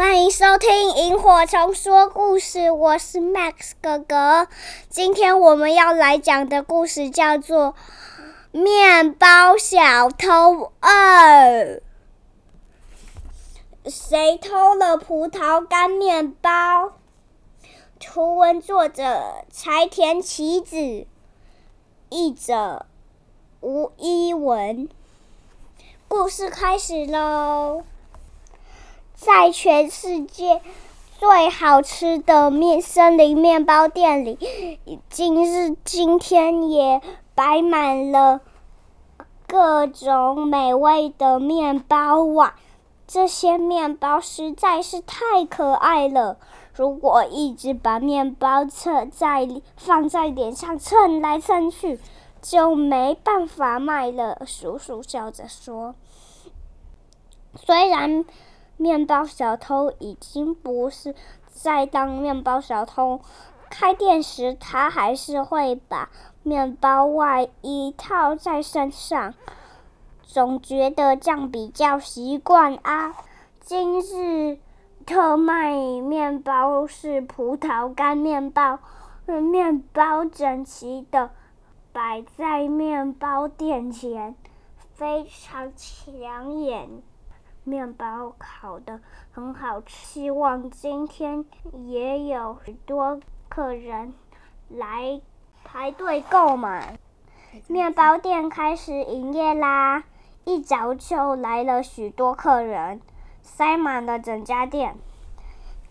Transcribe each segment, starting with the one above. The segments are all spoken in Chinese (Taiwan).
歡迎收聽《螢火蟲說故事》，我是 Max 哥哥。今天我們要來講的故事叫做《麵包小偷二》。誰偷了葡萄乾麵包？圖文作者：柴田啟子，譯者：吳怡文。故事開始嘍！在全世界最好吃的麵森林麵包店裡，今日今天也擺滿了各種美味的麵包。哇！這些麵包實在是太可愛了。如果一直把麵包側在放在臉上蹭來蹭去，就沒辦法賣了。叔叔笑着說：“雖然……”麵包小偷已經不是在當麵包小偷，開店時他還是會把麵包外衣套在身上，總覺得這樣比較習慣啊。今日特賣麵包是葡萄乾麵包，麵包整齊地擺在麵包店前，非常搶眼。麵包烤得很好，希望今天也有許多客人來排隊購買。麵包店開始營業啦！一早就來了許多客人，塞滿了整家店。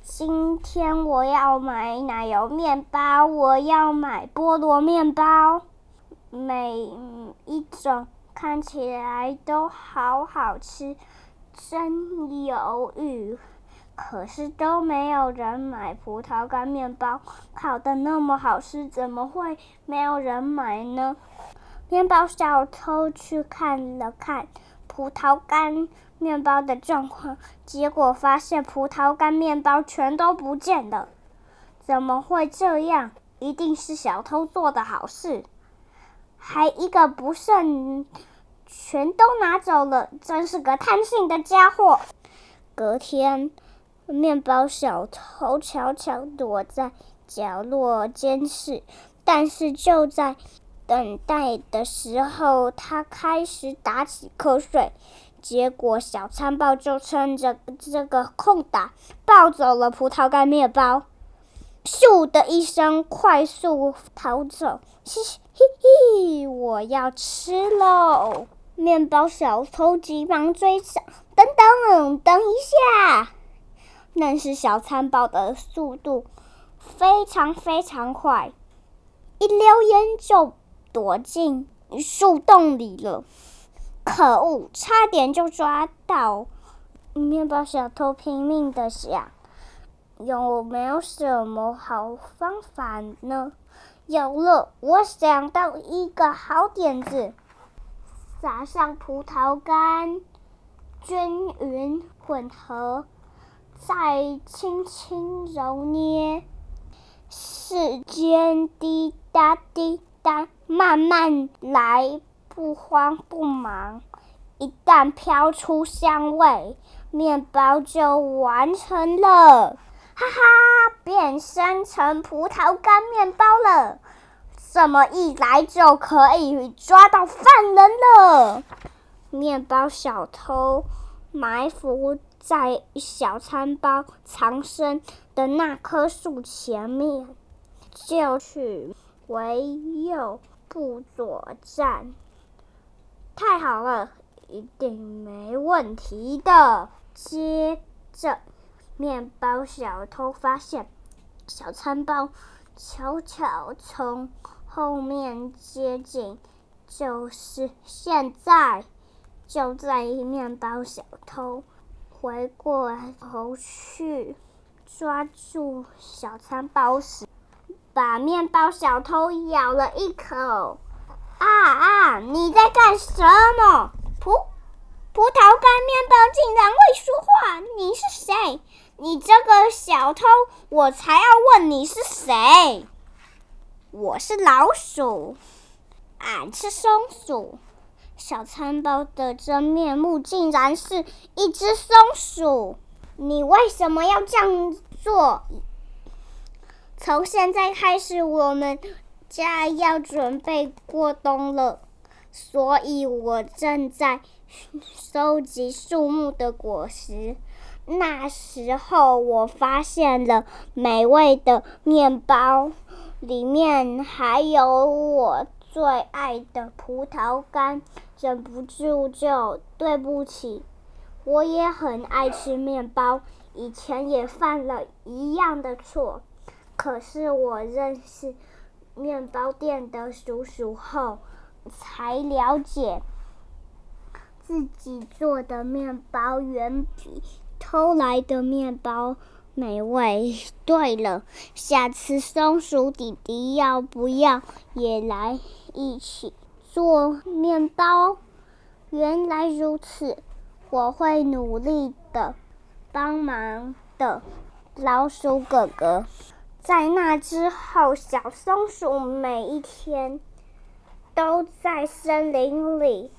今天我要買奶油麵包，我要買菠蘿麵包，每一種看起來都好好吃。真猶豫，可是都沒有人買葡萄乾麵包，烤的那麼好吃，怎麼會沒有人買呢？麵包小偷去看了看葡萄乾麵包的狀況，結果發現葡萄乾麵包全都不見了，怎麼會這樣？一定是小偷做的好事，還一個不剩。全都拿走了，真是個貪心的家伙。隔天，麵包小偷悄悄躲在角落監視，但是就在等待的時候，他開始打起瞌睡。結果小餐包就趁着這個空檔，抱走了葡萄乾麵包，咻的一聲快速逃走，嘻嘻嘻嘻，我要吃嘍！麵包小偷急忙追上，等等，等一下！但是小餐包的速度非常非常快，一溜煙就躲進樹洞裡了。可惡，差點就抓到！麵包小偷拼命的想，有沒有什麼好方法呢？有了，我想到一個好點子。撒上葡萄乾，均勻混合，再輕輕揉捏。時間滴答滴答，慢慢來，不慌不忙。一旦飄出香味，麵包就完成了！哈哈，變身成葡萄乾麵包了。這麼一來就可以抓到犯人了？麵包小偷埋伏在小餐包藏身的那棵樹前面，就去唯右不作戰。太好了，一定沒問題的。接着，麵包小偷發現小餐包悄悄從後面接近，就是現在，就在麵包小偷回過頭去抓住小餐包時，把麵包小偷咬了一口。啊啊！你在幹什麼？葡葡萄乾麵包竟然會說話！你是誰？你這個小偷，我才要問你是誰？我是老鼠，俺、啊、是松鼠。小餐包的真面目竟然是一隻松鼠！你為什麼要這樣做？從現在開始，我們家要準備過冬了，所以我正在收集樹木的果實。那時候，我發現了美味的麵包。裡面還有我最愛的葡萄乾，忍不住就對不起。我也很愛吃麵包，以前也犯了一樣的錯。可是我認識麵包店的叔叔後，才了解自己做的麵包遠比偷來的麵包美味。對了，下次松鼠弟弟要不要也來一起做麵包？原來如此，我會努力的幫忙的，老鼠哥哥。在那之後，小松鼠每一天都在森林裡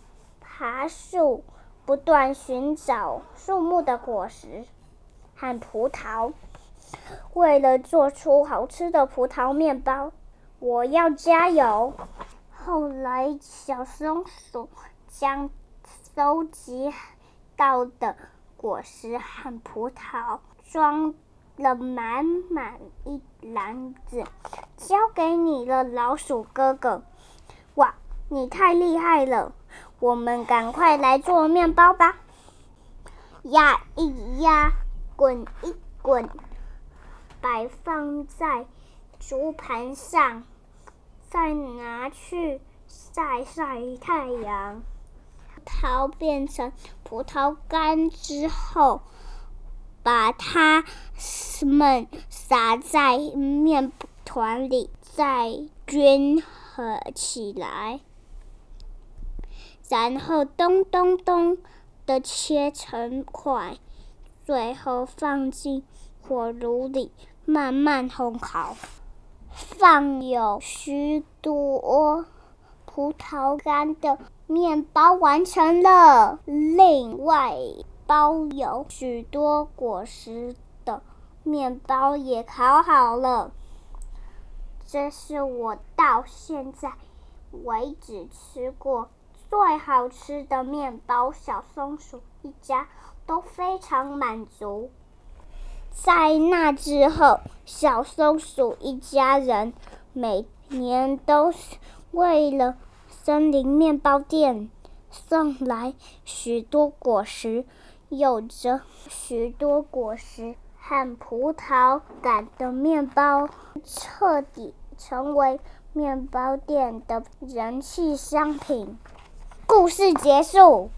爬樹，不斷尋找樹木的果實。和葡萄，為了做出好吃的葡萄麵包，我要加油。後來，小松鼠將收集到的果實和葡萄裝了滿滿一籃子，交給你了，老鼠哥哥。哇，你太厲害了！我們趕快來做麵包吧！呀咿呀。滾一滾，擺放在竹盤上，再拿去晒晒太陽。桃變成葡萄乾之後，把它們撒在麵團裡，再均勻起來，然後咚咚咚的切成塊。最後放進火爐裡慢慢烘烤，放有許多葡萄乾的麵包完成了。另外包有許多果實的麵包也烤好了。這是我到現在為止吃過最好吃的麵包，小松鼠一家都非常滿足。在那之後，小松鼠一家人每年都是為了森林麵包店送來許多果實，有着許多果實和葡萄乾的麵包，徹底成為麵包店的人氣商品。故事結束。